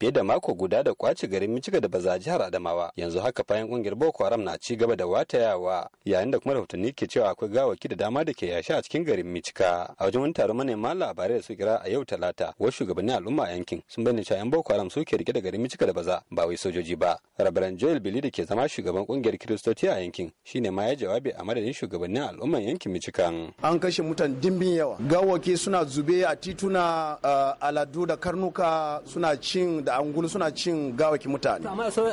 fiye da mako guda da kwace garin Michiga da baza jihar Adamawa yanzu haka fayan kungiyar Boko Haram na ci gaba da watayawa yayin da kuma rahotanni ke cewa akwai gawaki da dama da ke yashi a cikin garin Michiga a wajen wani taron manema labarai da su kira a yau Talata wasu shugabannin al'umma yankin sun bayyana cewa 'yan Boko Haram suke rike da garin Michiga da baza ba wai sojoji ba Rabaran Joel Bili da ke zama shugaban kungiyar Kiristoci a yankin shine ma ya jawabi a madadin shugabannin al'umman yankin Michigan an kashe mutan dimbin yawa gawaki suna zube a tituna eh, aladu da karnuka suna cin da angulu suna cin gawaki mutane amma so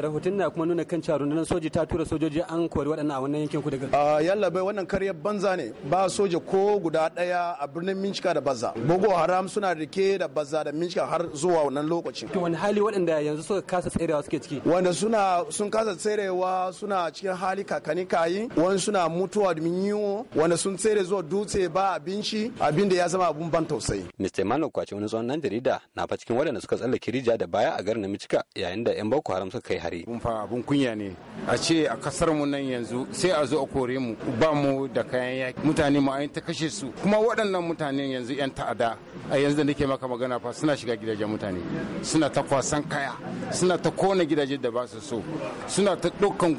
rahoton na kuma nuna kan cewa rundunar soji ta tura sojoji an kori waɗannan a wannan yankin ku daga ah, yalla bai wannan karyar banza ne ba soja ko guda ɗaya a birnin minchika da baza boko haram suna rike da baza da minchika har zuwa wannan lokacin to wani hali waɗanda yanzu suka kasa tserewa suke ciki wanda suna sun kasa tserewa suna cikin hali kakani kayi wani suna mutuwa domin yiwo wanda sun tsere zuwa dutse ba abinci abin da ya zama abun ban tausayi mr manu kwace wani tsohon nan jarida na fa cikin waɗanda suka tsallake rijiya da baya a garin Namicika yayin da 'yan Boko Haram suka kai hari. Mun fa abun kunya ne a ce a kasar mu nan yanzu sai a zo a kore mu ba mu da kayan yaki mutane mu ayin ta kashe su kuma waɗannan mutanen yanzu 'yan ta'ada a yanzu da nake maka magana fa suna shiga gidajen mutane suna ta kwasan kaya suna ta kona gidaje da ba su so suna ta ɗaukan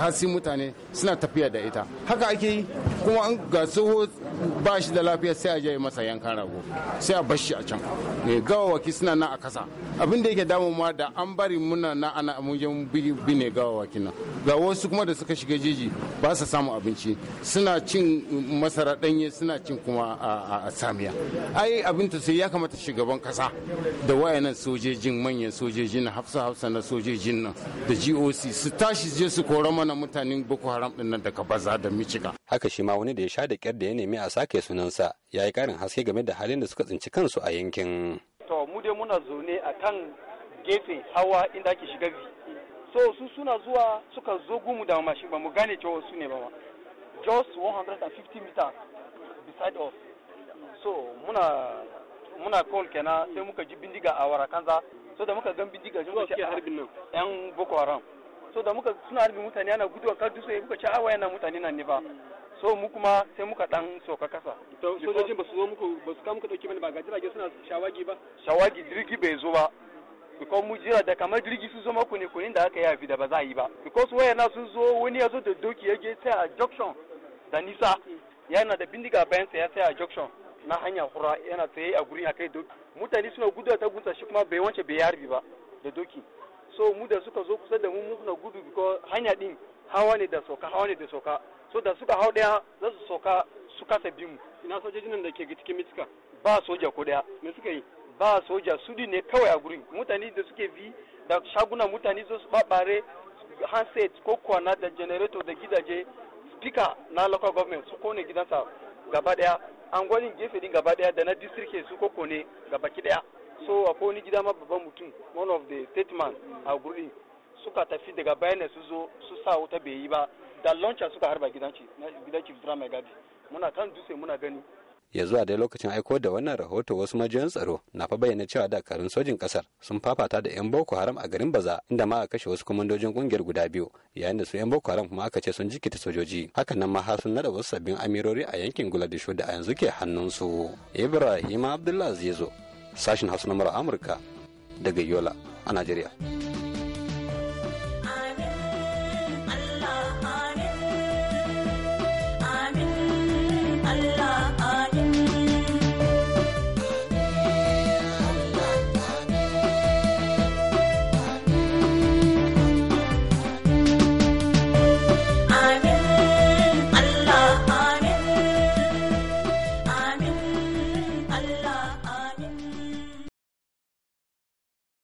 hasi mutane suna tafiya da ita haka ake yi kuma an ga tsoho ba shi da lafiya sai a masa yanka rago sai a bashi a can eh, gawawaki suna nan a kasa abin da yake ma da an bari muna na ana amujen bine gawawaki nan ga wasu kuma da suka shiga jeji ba su samu abinci suna cin masara danye suna cin kuma a samiya ai abin ta sai ya kamata shugaban kasa da wayanan sojojin manyan sojojin na hafsa hafsa na sojojin nan da GOC su tashi je su kora mana mutanen Boko Haram din daga Baza da micika. haka shi ma wani da ya sha da kyar da ya nemi a sake sunansa ya yi karin haske game da halin da suka tsinci kansu a yankin to mu dai muna zaune a kan gefe hawa inda ake shiga zi so su suna zuwa suka zo gumu da mashi ba mu gane cewa su ne ba ma just 150 meters beside us so muna muna call kenan sai muka ji bindiga a warakanza so da muka gan bindiga sun ce harbin nan ah, yan boko haram so da muka suna harbin mutane ana gudu a kan dutse muka ce awa ah, yana mutane nan ne ba so mu kuma sai muka dan soka kasa to sojojin ba su zo muku ba su kamu ka dauki bane ba ga jirage suna shawagi ba shawagi jirgi bai zo ba because mu jira da kamar jirgi su zama ne kunin da aka yi da ba za a yi ba because waya na sun zo wani ya zo da doki ya je sai a junction da nisa yana da bindiga bayan sa ya sai a junction na hanya hura yana tsaye a gurin akai doki mutane suna gudu ta gunsa shi kuma bai wance bai yarbi ba da doki so mu da suka zo kusa da mu muna gudu because hanya din hawa ne da soka hawa ne da soka so da suka hau daya za su soka su kasa biyu ina sojojin nan da ke cikin mitika ba soja ko daya me suka yi ba soja su ne kawai a gurin mutane da suke bi da shaguna mutane su babare handset ko kwana da generator da gidaje speaker na local government su kone gidansa gaba daya an gwanin gefe din gaba daya da na district su ko gaba ki daya so akwai wani gida ma babban mutum one of the statement a gurin suka tafi daga bayan su zo su sa wuta bai yi ba da launcher suka harba gidanci gidanci Ibrahim mai gadi muna kan dutse muna gani ya zuwa dai lokacin aiko da wannan rahoto wasu majiyan tsaro na fa bayyana cewa dakarun sojin kasar sun fafata da 'yan boko haram a garin baza inda ma a kashe wasu kwamandojin kungiyar guda biyu yayin da su 'yan boko haram kuma aka ce sun jikita sojoji hakan nan ma har sun nada wasu sabbin amirori a yankin guladisho da a yanzu ke hannunsu ibrahim abdullah zezo sashin hausa na amurka daga yola a najeriya